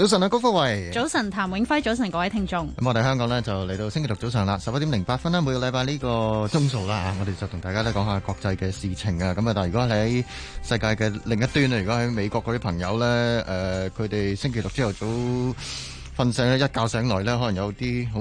早晨啊，高福慧。早晨，譚永輝。早晨，各位聽眾。咁我哋香港咧就嚟到星期六早上啦，十一點零八分啦，每個禮拜呢個鐘數啦啊，我哋就同大家咧講下國際嘅事情啊。咁啊，但係如果喺世界嘅另一端咧，如果喺美國嗰啲朋友咧，誒，佢哋星期六朝頭早瞓醒咧，一覺醒來咧，可能有啲好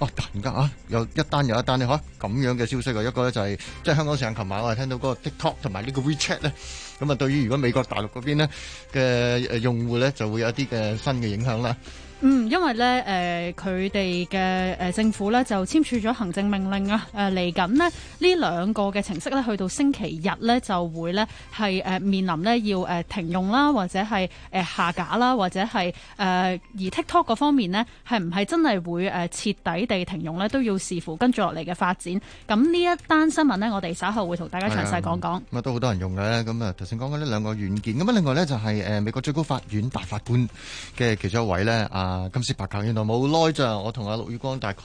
哇，突然間啊，有一單又一單咧，嗬，咁樣嘅消息啊。一個咧就係，即係香港上，琴晚我哋聽到嗰個 TikTok 同埋呢個 WeChat 咧。咁啊，對於如果美國大陸嗰邊咧嘅誒用戶咧，就會有一啲嘅新嘅影響啦。嗯，因為咧，誒、呃，佢哋嘅誒政府咧就簽署咗行政命令啊，誒、呃，嚟緊呢呢兩個嘅程式咧，去到星期日咧就會咧係誒面臨咧要誒停用啦，或者係誒下架啦，或者係誒而 TikTok 方面呢，係唔係真係會誒徹、呃、底地停用咧，都要視乎跟住落嚟嘅發展。咁呢一單新聞呢，我哋稍後會同大家詳細講講。咁啊、嗯嗯嗯嗯嗯嗯，都好多人用嘅，咁啊，頭先講緊呢兩個軟件，咁啊，另外咧就係誒美國最高法院大法官嘅其中一位咧啊。啊，金斯柏格原來冇耐咋，我同阿陸宇光大概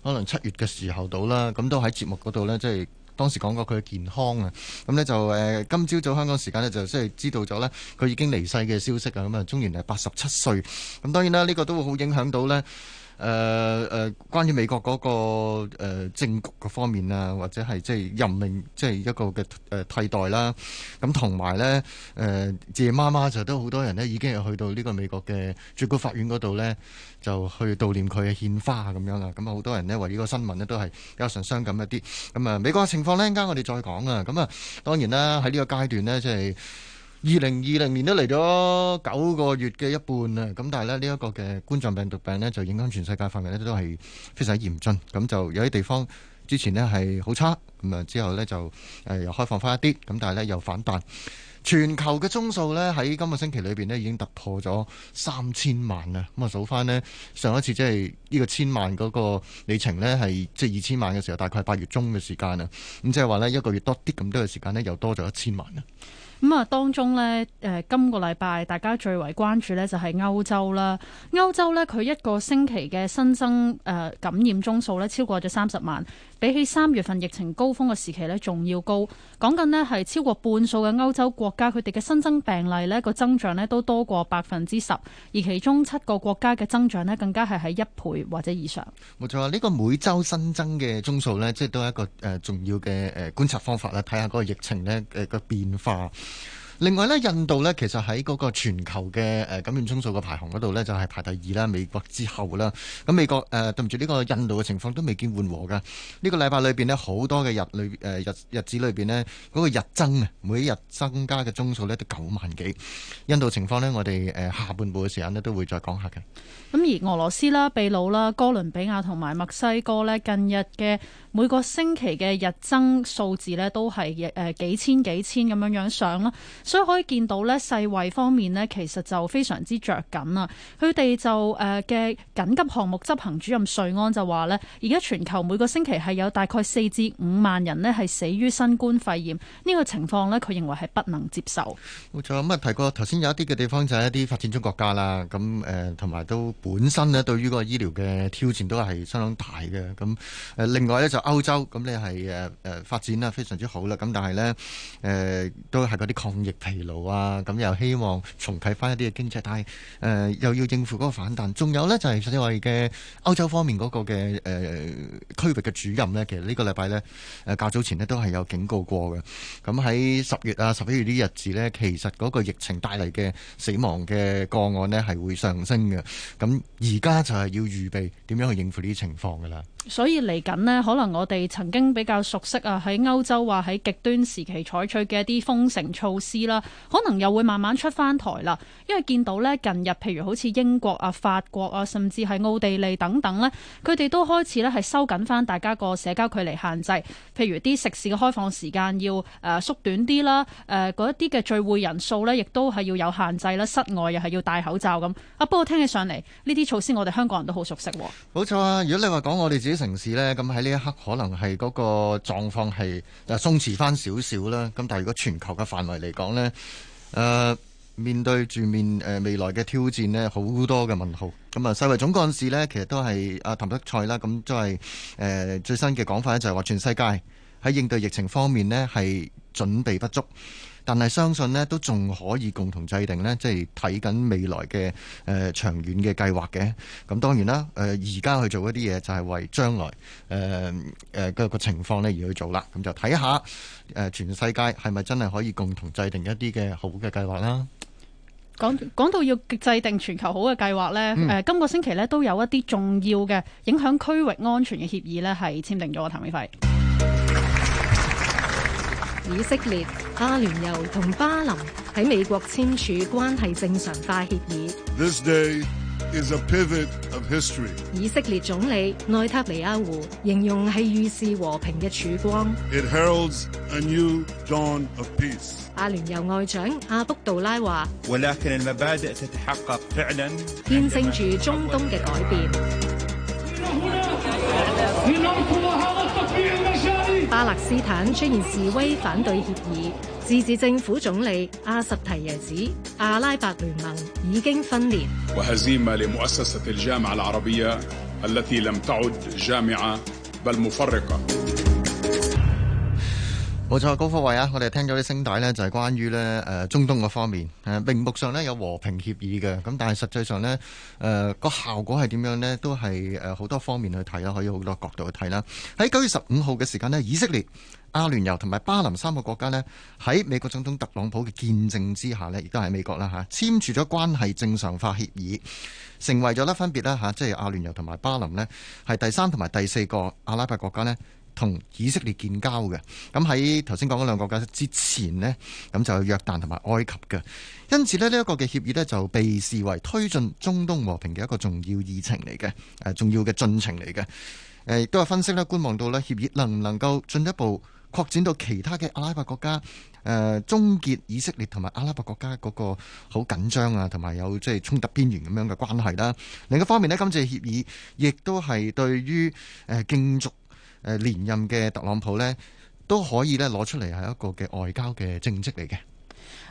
可能七月嘅時候到啦，咁都喺節目嗰度呢，即係當時講過佢嘅健康啊，咁呢就、呃、今朝早，早香港時間呢，就即係知道咗呢佢已經離世嘅消息啊，咁啊，終年係八十七歲，咁當然啦，呢、這個都會好影響到呢。誒誒、呃呃，關於美國嗰、那個、呃、政局嘅方面啊，或者係即係任命，即、就、係、是、一個嘅誒、呃、替代啦。咁同埋呢，誒、呃、謝媽媽就都好多人呢已經係去到呢個美國嘅最高法院嗰度呢，就去悼念佢嘅獻花咁樣啦。咁啊，好多人呢為呢個新聞呢都係比較上傷感一啲。咁啊，美國嘅情況呢，陣間我哋再講啊。咁啊，當然啦，喺呢個階段呢，即係。二零二零年都嚟咗九個月嘅一半啦，咁但係呢，呢一個嘅冠狀病毒病呢，就影響全世界範圍呢都係非常之嚴峻。咁就有啲地方之前呢係好差，咁啊之後呢就誒又開放翻一啲，咁但係呢又反彈。全球嘅總數呢，喺今個星期裏邊呢已經突破咗三千萬啦。咁啊數翻呢，上一次即係呢個千萬嗰個里程呢，係即係二千萬嘅時候，大概係八月中嘅時間啦。咁即係話呢，一個月多啲咁多嘅時間呢，又多咗一千萬啦。咁啊、嗯，當中呢，誒、呃，今個禮拜大家最為關注呢，就係、是、歐洲啦。歐洲呢，佢一個星期嘅新增誒、呃、感染宗數呢，超過咗三十萬，比起三月份疫情高峰嘅時期呢，仲要高。講緊呢，係超過半數嘅歐洲國家，佢哋嘅新增病例呢個增長呢，都多過百分之十，而其中七個國家嘅增長呢，更加係喺一倍或者以上。冇錯，呢、這個每週新增嘅宗數呢，即係都係一個誒、呃、重要嘅誒、呃、觀察方法啦，睇下嗰個疫情呢，誒、呃、個變化。另外呢，印度呢，其實喺嗰個全球嘅、誒感染宗數嘅排行嗰度呢，就係排第二啦，美國之後啦。咁美國誒、呃、對唔住，呢個印度嘅情況都未見緩和噶呢個禮拜裏邊呢，好多嘅日裏誒日日子裏邊呢，嗰個日增啊，每日增加嘅宗數呢，都九萬幾。印度情況呢，我哋誒下半部嘅時間呢，都會再講下嘅。咁而俄羅斯啦、秘魯啦、哥倫比亞同埋墨西哥呢，近日嘅。每個星期嘅日增數字咧都係誒幾千幾千咁樣樣上啦，所以可以見到咧世衛方面咧其實就非常之着緊啊！佢哋就誒嘅緊急項目執行主任瑞安就話咧，而家全球每個星期係有大概四至五萬人咧係死於新冠肺炎呢個情況咧，佢認為係不能接受。冇錯，咁、嗯、啊提過頭先有一啲嘅地方就係一啲發展中國家啦，咁誒同埋都本身咧對於個醫療嘅挑戰都係相當大嘅。咁誒、呃、另外呢就。歐洲咁你係誒誒發展啦，非常之好啦。咁但係呢，誒、呃，都係嗰啲抗疫疲勞啊。咁又希望重啟翻一啲嘅經濟，但係誒、呃、又要應付嗰個反彈。仲有呢，就係所謂嘅歐洲方面嗰個嘅誒、呃、區域嘅主任呢，其實呢個禮拜呢，誒，較早前咧都係有警告過嘅。咁喺十月啊十一月呢啲日子呢，其實嗰個疫情帶嚟嘅死亡嘅個案呢係會上升嘅。咁而家就係要預備點樣去應付呢啲情況噶啦。所以嚟緊呢，可能。我哋曾經比較熟悉啊，喺歐洲話喺極端時期採取嘅一啲封城措施啦，可能又會慢慢出翻台啦。因為見到呢，近日譬如好似英國啊、法國啊，甚至係奧地利等等呢，佢哋都開始呢係收緊翻大家個社交距離限制，譬如啲食肆嘅開放時間要誒縮短啲啦，誒嗰一啲嘅聚會人數呢，亦都係要有限制啦，室外又係要戴口罩咁。啊，不過聽起上嚟呢啲措施，我哋香港人都好熟悉喎。冇錯啊，如果你話講我哋自己城市呢，咁喺呢一刻。可能係嗰個狀況係鬆弛返少少啦，咁但係如果全球嘅範圍嚟講呢，誒、呃、面對住面誒、呃、未來嘅挑戰呢，好多嘅問號。咁、嗯、啊，世衞總幹事呢，其實都係阿譚德賽啦，咁都係誒最新嘅講法呢，就係話全世界喺應對疫情方面呢，係準備不足。但係相信咧，都仲可以共同制定咧，即係睇緊未來嘅誒、呃、長遠嘅計劃嘅。咁當然啦，誒而家去做一啲嘢，就係為將來誒誒嘅個情況咧而去做啦。咁就睇下誒全世界係咪真係可以共同制定一啲嘅好嘅計劃啦。講講到要制定全球好嘅計劃呢，誒、嗯呃、今個星期咧都有一啲重要嘅影響區域安全嘅協議咧，係簽訂咗嘅，譚美輝。以色列、阿聯酋同巴林喺美國簽署關係正常化協議。This day is a pivot of history. 以色列總理內塔尼亞胡形容係預示和平嘅曙光。It heralds a new dawn of peace. 阿聯酋外長阿卜杜拉話，見證住中東嘅改變。巴勒斯坦出現示威反對協議，自治政府總理阿什提耶指阿拉伯聯盟已經分裂。冇錯，高科位啊，我哋聽咗啲聲帶呢，就係關於呢誒中東個方面，誒名目上呢有和平協議嘅，咁但係實際上呢誒個效果係點樣呢？都係誒好多方面去睇啦，可以好多角度去睇啦。喺九月十五號嘅時間呢，以色列、阿聯酋同埋巴林三個國家呢，喺美國總統特朗普嘅見證之下呢，亦都喺美國啦嚇簽署咗關係正常化協議，成為咗呢分別啦。嚇，即係阿聯酋同埋巴林呢，係第三同埋第四個阿拉伯國家呢。同以色列建交嘅。咁喺頭先講嗰兩個解釋之前呢，咁就有約旦同埋埃及嘅，因此呢，呢、這、一個嘅協議呢，就被視為推進中東和平嘅一個重要議程嚟嘅，誒、呃、重要嘅進程嚟嘅。誒、呃、亦都有分析咧，觀望到呢協議能唔能夠進一步擴展到其他嘅阿拉伯國家誒、呃，終結以色列同埋阿拉伯國家嗰個好緊張啊，同埋有即係衝突邊緣咁樣嘅關係啦。另一方面呢，今次嘅協議亦都係對於誒競逐。呃競逐誒連任嘅特朗普呢，都可以咧攞出嚟係一個嘅外交嘅政績嚟嘅。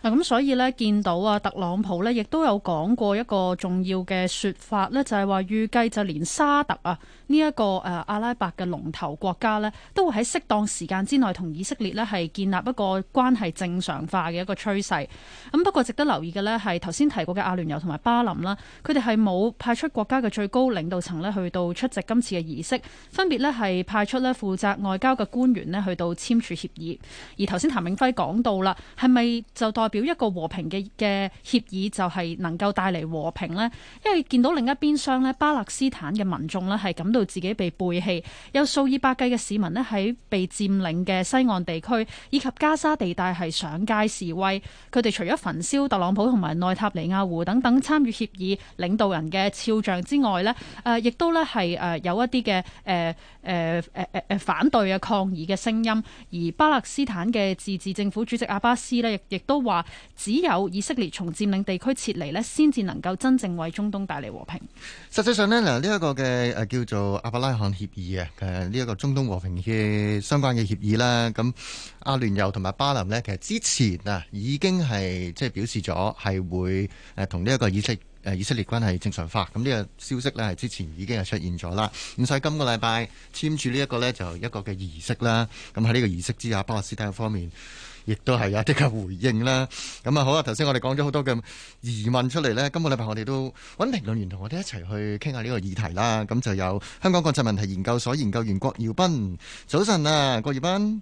嗱咁、嗯、所以呢，見到啊，特朗普呢亦都有講過一個重要嘅說法呢，就係、是、話預計就連沙特啊呢一個誒阿拉伯嘅龍頭國家呢，都會喺適當時間之內同以色列呢係建立一個關係正常化嘅一個趨勢。咁不過值得留意嘅呢係頭先提過嘅阿聯酋同埋巴林啦，佢哋係冇派出國家嘅最高領導層呢去到出席今次嘅儀式，分別呢係派出呢負責外交嘅官員呢去到簽署協議。而頭先譚永輝講到啦，係咪就代表一個和平嘅嘅協議就係能夠帶嚟和平呢？因為見到另一邊廂呢巴勒斯坦嘅民眾呢，係感到自己被背棄，有數以百計嘅市民呢，喺被佔領嘅西岸地區以及加沙地帶係上街示威，佢哋除咗焚燒特朗普同埋內塔尼亞胡等等參與協議領導人嘅肖像之外呢，誒、呃，亦都呢係誒有一啲嘅誒。呃誒誒誒誒，反對啊抗議嘅聲音，而巴勒斯坦嘅自治政府主席阿巴斯呢，亦亦都話，只有以色列從佔領地區撤離呢，先至能夠真正為中東帶嚟和平。實際上呢，嗱呢一個嘅誒叫做阿伯拉罕協議啊，誒呢一個中東和平嘅相關嘅協議啦，咁阿聯酋同埋巴林呢，其實之前啊已經係即係表示咗係會誒同呢一個以色以色列關係正常化，咁呢個消息呢係之前已經係出現咗啦。咁所以今個禮拜簽署呢一個呢就一個嘅儀式啦。咁喺呢個儀式之下，巴勒斯坦方面亦都係有啲嘅回應啦。咁啊好啊，頭先我哋講咗好多嘅疑問出嚟呢。今個禮拜我哋都揾評論員同我哋一齊去傾下呢個議題啦。咁就有香港國際問題研究所研究員郭耀斌，早晨啊，郭耀斌。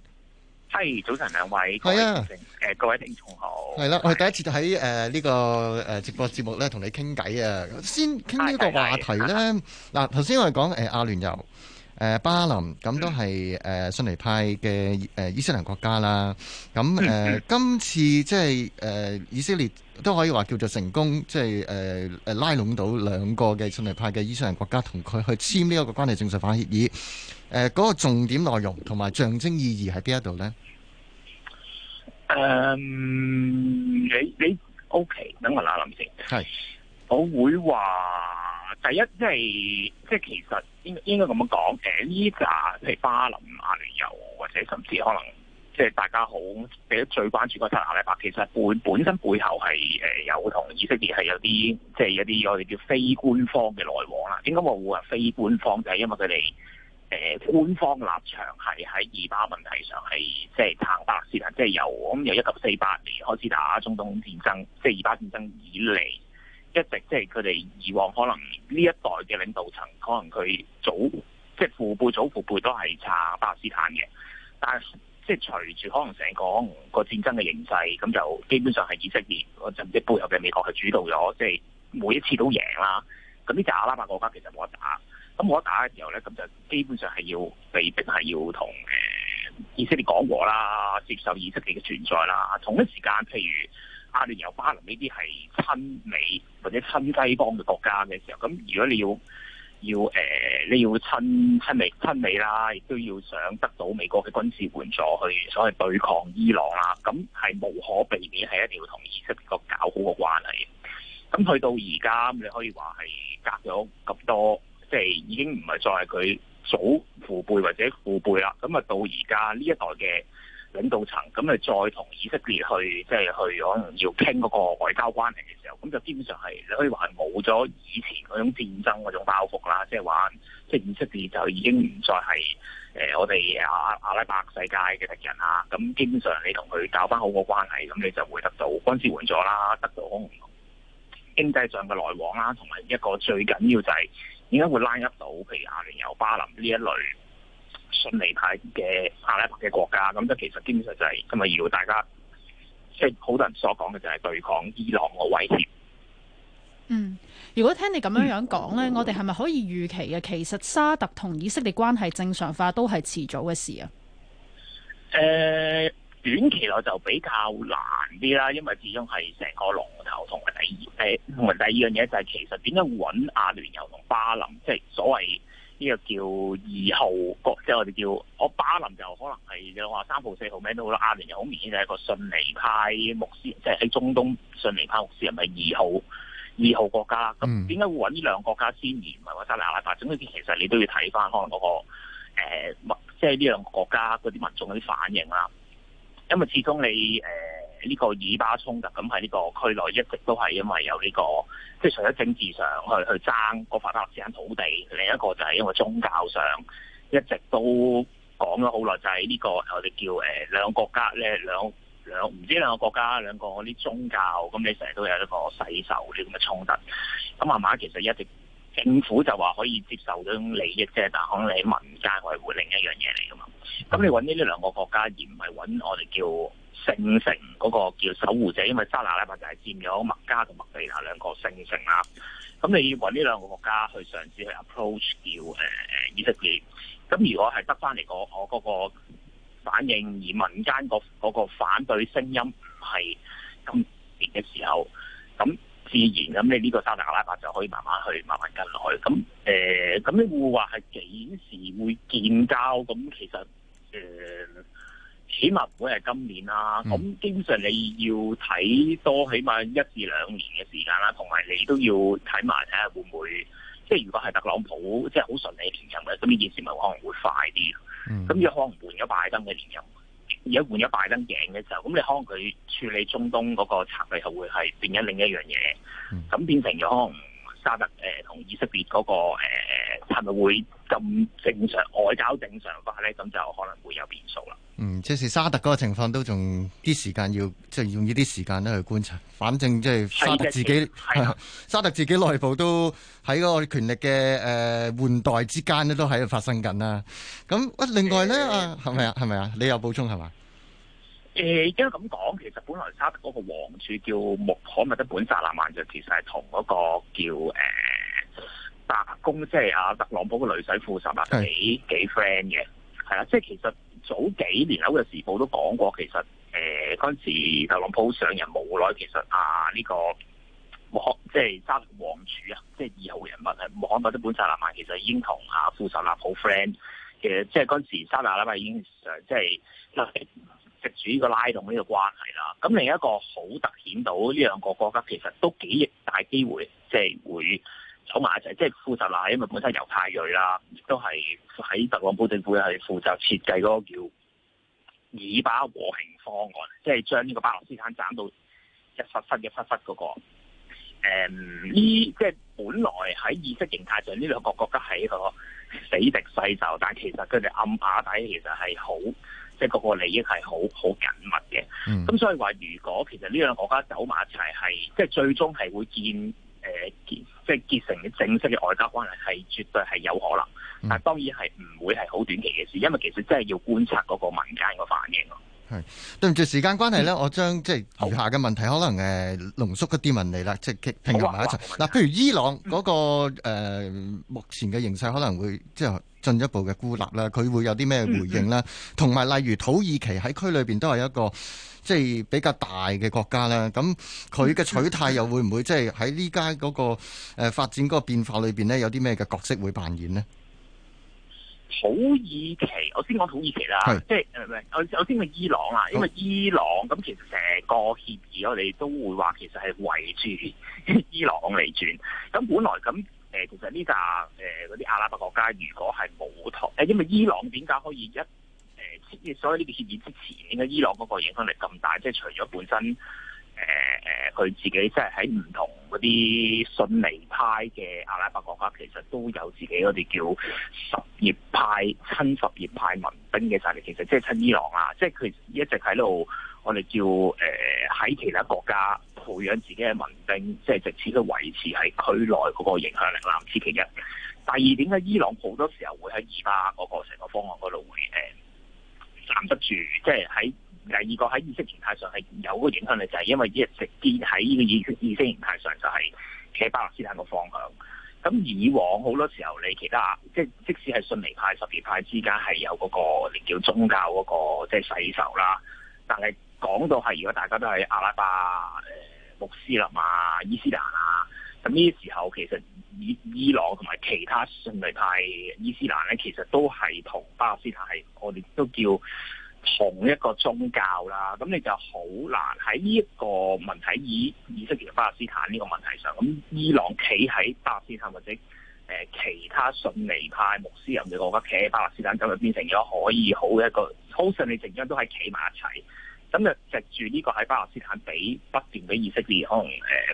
係、hey, 早晨，兩位係啊！誒各位聽眾好，係啦、啊啊！我第一次就喺誒呢個誒、呃、直播節目咧，同你傾偈啊！先傾呢個話題咧。嗱，頭先我哋講誒阿聯酋、誒、呃、巴林，咁都係誒、呃、遜尼派嘅誒、呃、伊斯蘭國家啦。咁誒、呃、的今次即係誒、呃、以色列都可以話叫做成功，即係誒誒拉攏到兩個嘅遜尼派嘅伊斯蘭國家，同佢去簽呢一個關係正常化協議。誒、呃、嗰、那個重點內容同埋象徵意義喺邊一度咧？誒、um，你你 OK，等我諗諗先。係是，我會話第一，即係即係其實應該應該咁樣講。誒，呢紮即係巴林、阿聯酋，或者甚至可能即係大家好記得最關注個阿拉伯，其實背本身背後係誒有同以色列係有啲即係一啲我哋叫非官方嘅來往啦。點解我會話非官方？就係、是、因為佢哋。誒官方立場係喺二巴問題上係即係撐巴勒斯坦，即係由咁由一九四八年開始打中東戰爭，即係二巴戰爭以嚟一直即係佢哋以往可能呢一代嘅領導層，可能佢祖即係父輩、祖父輩都係撐巴勒斯坦嘅，但係即係隨住可能成個個戰爭嘅形勢，咁就基本上係以色列個陣，即係背後嘅美國去主導咗，即係每一次都贏啦。咁啲阿拉伯國家其實冇得打。咁我打嘅時候咧，咁就基本上係要被迫係要同誒、欸、以色列講和啦，接受以色列嘅存在啦。同一時間，譬如阿聯酋、巴林呢啲係親美或者親西方嘅國家嘅時候，咁如果你要要誒、欸，你要親、親美親美啦，亦都要想得到美國嘅軍事援助去，所謂對抗伊朗啦，咁係無可避免係一定要同以色列個搞好個關係。咁去到而家，你可以話係隔咗咁多。即係已經唔係再係佢祖父輩或者父輩啦，咁啊到而家呢一代嘅領導層，咁就再同以色列去即係去可能要傾嗰個外交關係嘅時候，咁就基本上係你可以話係冇咗以前嗰種戰爭嗰種包袱啦，即係話即係以色列就已經唔再係我哋阿拉伯世界嘅敵人啦，咁基本上你同佢搞翻好個關係，咁你就會得到軍事援助啦，得到可能經濟上嘅來往啦，同埋一個最緊要就係。點解會拉一到，譬如阿聯酋、巴林呢一類遜尼派嘅阿拉伯嘅國家，咁即其實基本上就係今日要大家，即係好多人所講嘅就係對抗伊朗嘅威脅。嗯，如果聽你咁樣樣講咧，嗯、我哋係咪可以預期嘅？其實沙特同以色列關係正常化都係遲早嘅事啊。誒、呃。短期內就比較難啲啦，因為始終係成個龍頭，同埋第二誒，同埋第二樣嘢就係其實點解會揾阿聯酋同巴林，即係所謂呢個叫二號國，即係我哋叫我巴林就可能係有話三號四號咩都好啦，阿聯酋好明顯就係一個遜尼派牧師，即係喺中東遜尼派牧師，係咪二號二號國家？咁點解會揾呢兩個國家先，而唔係話沙特阿拉伯？總之其實你都要睇翻可能嗰個，誒，即係呢兩個國家嗰啲民眾嗰啲反應啦。因為始終你誒呢、呃這個以巴衝突咁喺呢個區內一直都係因為有呢、這個即係除咗政治上去去爭個法塊發展土地，另一個就係因為宗教上一直都講咗好耐，就係、是、呢、這個我哋叫誒兩個國家咧兩兩唔知兩個國家兩,兩,兩個啲宗教咁你成日都有一個洗手啲咁嘅衝突，咁慢慢其實一直。政府就話可以接受咗種利益啫，但可能你喺民間係會另一樣嘢嚟噶嘛。咁你揾呢兩個國家，而唔係揾我哋叫聖城嗰個叫守護者，因為沙拿拉，拉伯就係佔咗麥加同麥地那兩個聖城啦。咁你要揾呢兩個國家去嘗試去 approach 叫誒、呃、以色列。咁如果係得翻嚟我嗰個反應，而民間嗰個反對聲音唔係咁年嘅時候，咁。自然咁，你呢個沙特阿拉伯就可以慢慢去、慢慢跟落去。咁誒，咁、呃、你會話係幾時會建交？咁其實誒、呃，起碼唔會係今年啦。咁基本上你要睇多，起碼一至兩年嘅時間啦。同埋你都要睇埋睇下會唔會，即係如果係特朗普即係好順利嘅連任咧，咁呢件事咪可能會快啲？咁要、嗯、可能換咗拜登嘅連任。而家換咗拜登頸嘅時候，咁你可能佢處理中東嗰個策略，就會係變咗另一樣嘢，咁變成咗可能沙特誒同、呃、以色列嗰、那個誒，呃、策略會？咁正常外交正常化咧，咁就可能會有變數啦。嗯，即是沙特嗰個情況都仲啲時間要，即係用呢啲時間咧去觀察。反正即係沙特自己，嗯、沙特自己內部都喺嗰個權力嘅誒換代之間都喺度發生緊啦。咁啊，另外咧，啊係咪啊，係咪啊？你有補充係咪？誒、欸，而家咁講，其實本來沙特嗰個王儲叫穆罕默德本薩拉曼，就其實係同嗰個叫、呃特工、啊、即係、啊、阿特朗普嘅女仔、啊，庫什納幾幾 friend 嘅，係啦、啊，即係其實早幾年嗰個時報都講過，其實誒嗰陣時特朗普上任冇耐，其實啊呢、呢個即係沙特王儲，啊，即係二號人物，物啊，穆罕默德本薩拉曼其實已經同阿庫什納好 friend 嘅，即係嗰陣時薩拉拉曼已經想即係藉住呢個拉動呢個關係啦。咁另一個好突顯到呢兩個國家其實都幾大機會，即、就、係、是、會。走埋一齊，嗯、即係負責啦，因為本身猶太裔啦，亦都係喺特朗普政府係負責設計嗰個叫以巴和平方案，即係將呢個巴勒斯坦斬到一忽忽一忽忽嗰個。呢、嗯、即係本來喺意識形態上，呢兩個國家係一個死敵勢就，但係其實佢哋暗下底其實係好，即係嗰個利益係好好緊密嘅。咁、嗯、所以話，如果其實呢兩個國家走埋一齊，係即係最終係會見。誒，結即係結成正式嘅外交關係，係絕對係有可能，但係當然係唔會係好短期嘅事，因為其實真係要觀察嗰個民間個反應咯。係對唔住時間關係咧，嗯、我將即係餘下嘅問題可能誒濃縮一啲問題啦，即係拼埋一齊。嗱，譬如伊朗嗰、嗰個誒、嗯呃、目前嘅形勢可能會即係。進一步嘅孤立啦，佢會有啲咩回應啦？同埋、嗯嗯、例如土耳其喺區裏邊都係一個即係、就是、比較大嘅國家啦。咁佢嘅取態又會唔會即係喺呢家嗰個誒發展嗰個變化裏邊呢？有啲咩嘅角色會扮演呢？土耳其，我先講土耳其啦，即係是、就是、我先問伊朗啊，好因為伊朗咁其實成個協議，我哋都會話其實係圍住伊朗嚟轉。咁本來咁。誒，其實呢架誒嗰啲阿拉伯國家，如果係冇妥誒，因為伊朗點解可以一誒、呃？所以呢個協議之前，應該伊朗嗰個影響力咁大？即、就、係、是、除咗本身誒誒，佢、呃呃、自己即係喺唔同嗰啲遜尼派嘅阿拉伯國家，其實都有自己我哋叫什葉派、親什葉派民兵嘅勢力。其實即係親伊朗啊，即係佢一直喺度，我哋叫誒喺、呃、其他國家。培養自己嘅民兵，即係藉此去維持喺區內嗰個影響力，此其一。第二點咧，伊朗好多時候會喺以巴嗰個成個方案嗰度會誒、嗯、站得住，即係喺第二個喺意識形態上係有個影響力，就係、是、因為依一啲喺呢個意識意識形態上就係企喺巴勒斯坦個方向。咁以往好多時候，你其他即係即使係遜尼派、什葉派之間係有嗰、那個連叫宗教嗰、那個即係、就是、洗滌啦，但係講到係如果大家都係阿拉伯。穆斯林啊、伊斯蘭啊，咁呢啲時候其實伊伊朗同埋其他遜尼派伊斯蘭咧，其實都係同巴勒斯坦係，我哋都叫同一個宗教啦。咁你就好難喺呢一個問題以，以色列巴勒斯坦呢個問題上，咁伊朗企喺巴勒斯坦或者其他遜尼派穆斯林嘅國家企喺巴勒斯坦，咁就變成咗可以好嘅一個，好順利成日都係企埋一齊。咁就藉住呢個喺巴勒斯坦俾不斷俾以色列可能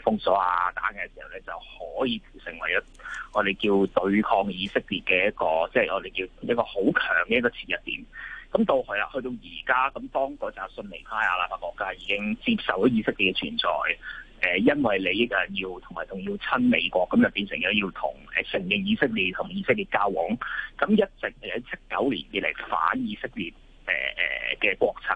封鎖啊打嘅時候咧，就可以成為咗我哋叫對抗以色列嘅一個，即係我哋叫一個好強嘅一個切入點。咁到去啊，去到而家咁，當個就係遜尼派阿拉伯國家已經接受咗以色列嘅存在，因為利益要同埋仲要親美國，咁就變成咗要同誒承認以色列同以色列交往，咁一。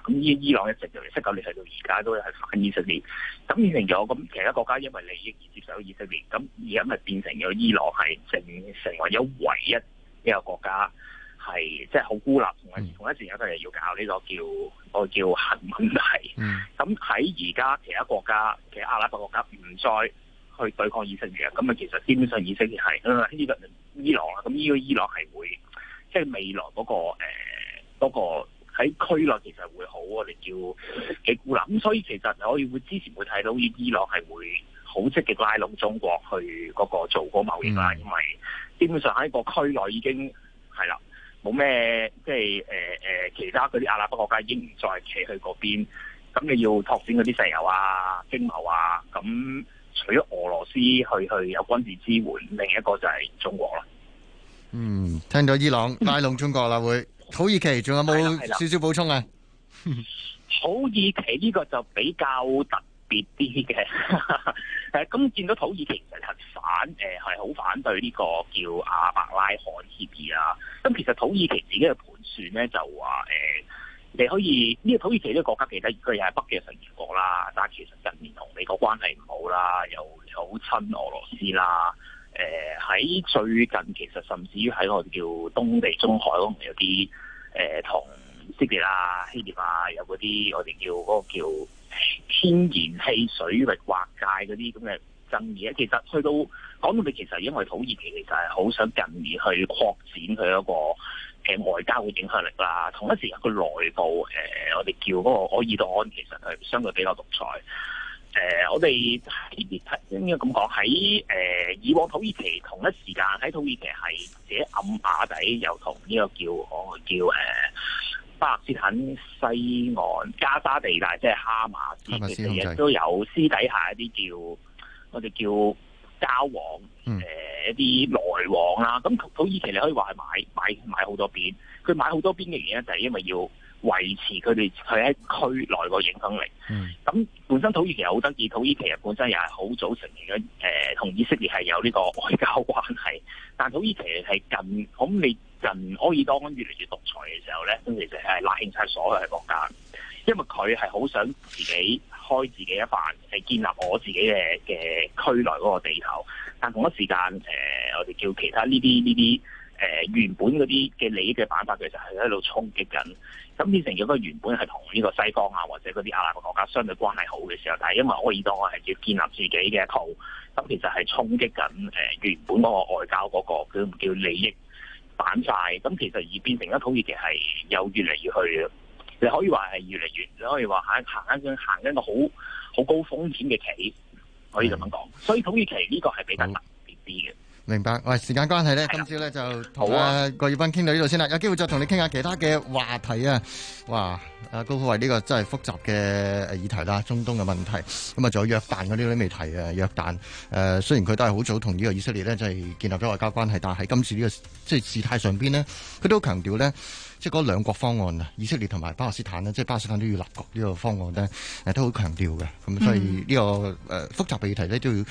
咁伊伊朗一直由七九年去到而家都係反以色列，咁變成咗咁其他國家因為利益而接受以色列，咁而家咪變成咗伊朗係成成為咗唯一一個國家係即係好孤立，同埋同一時間佢哋要搞呢個叫我、嗰個、叫核問題。咁喺而家其他國家嘅阿拉伯國家唔再去對抗以色列，咁咪其實基本上以色列係呢個伊朗咁呢個伊朗係會即係、就是、未來嗰個嗰個。呃嗰個喺區內其實會好，我哋叫幾孤立，咁所以其實我之前會支持，會睇到伊朗係會好積極拉攏中國去嗰個做嗰個貿易啦。嗯、因為基本上喺個區內已經係啦，冇咩即係誒誒其他嗰啲阿拉伯國家已經唔再企去嗰邊，咁你要拓展嗰啲石油啊、經貿啊，咁除咗俄羅斯去去有軍事支援，另一個就係中國啦。嗯，聽咗伊朗拉攏中國啦，嗯、會。土耳其仲有冇少少補充啊？土耳其呢個就比較特別啲嘅，誒，咁見到土耳其其實反，誒係好反對呢個叫亞伯拉罕協議啊。咁其實土耳其自己嘅盤算咧，就話，誒，你可以呢個土耳其呢個國家其實佢又係北約成員國啦，但係其實近年同美國關係唔好啦，又好親俄羅斯啦。誒喺、呃、最近其實甚至於喺我哋叫東地中海可能有啲誒、呃、同以色列啊、希臘啊有嗰啲我哋叫嗰個叫天然氣水域劃界嗰啲咁嘅爭議咧，其實去到講到你其實因為土耳其其實係好想近而去擴展佢一個嘅外交嘅影響力啦，同一時間佢內部誒、呃、我哋叫嗰個可爾多安其實係相對比較獨裁。誒、呃，我哋喺應該咁講，喺誒、呃、以往土耳其同一時間喺土耳其係自己暗碼底，又同呢個叫我叫誒巴勒斯坦西岸加沙地帶，即係哈馬斯嘅地，亦都有私底下一啲叫我哋叫交往，誒、呃、一啲來往啦。咁、嗯、土耳其你可以話係買買買好多邊，佢買好多邊嘅原因就係因為要。維持佢哋佢喺區內個影響力。咁、嗯、本身土耳其好得意，土耳其本身又係好早承認咗同以色列係有呢個外交關係。但土耳其係近咁，你近埃爾多安越嚟越獨裁嘅時候咧，咁其實係拉勸晒所有嘅國家，因為佢係好想自己開自己一瓣，係建立我自己嘅嘅區內嗰個地頭。但同一時間、呃、我哋叫其他呢啲呢啲。誒、呃、原本嗰啲嘅利益嘅板塊其實係喺度衝擊緊。咁變成咗個原本係同呢個西方啊或者嗰啲阿拉伯國家相對關係好嘅時候，但係因為我爾當我係要建立自己嘅一套，咁其實係衝擊緊誒原本嗰個外交嗰、那個叫叫利益板塊，咁其實而變成咗土耳其係有越嚟越去，你可以話係越嚟越，你可以話行行緊行緊個好好高風險嘅棋，可以咁樣講，所以土耳其呢個係比較特別啲嘅。明白，喂，時間關係咧，的今朝咧就好啊郭耀斌傾到呢度先啦，有機會再同你傾下其他嘅話題啊！哇，阿、啊、高科為呢個真係複雜嘅議題啦，中東嘅問題，咁啊仲有約旦嗰啲都未提啊，約旦誒，雖然佢都係好早同呢個以色列呢就係、是、建立咗外交關係，但係今次呢、這個即、就是、事態上邊呢，佢都強調呢，即係嗰兩國方案啊，以色列同埋巴勒斯坦呢，即、就、係、是、巴勒斯坦都要立國呢個方案呢，呃、都好強調嘅，咁所以呢、這個、嗯呃、複雜嘅議題呢，都要。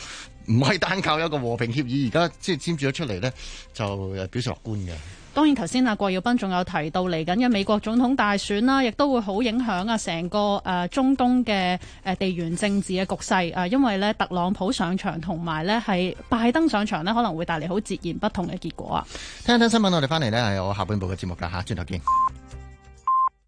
唔係單靠一個和平協議，而家即係簽署咗出嚟咧，就表示樂觀嘅。當然，頭先阿郭耀斌仲有提到嚟緊嘅美國總統大選啦，亦都會好影響啊成個誒中東嘅、誒、呃、地緣政治嘅局勢啊、呃。因為咧，特朗普上場同埋咧係拜登上場呢，可能會帶嚟好截然不同嘅結果啊。聽一聽新聞，我哋翻嚟咧係我下半部嘅節目噶吓，轉頭見。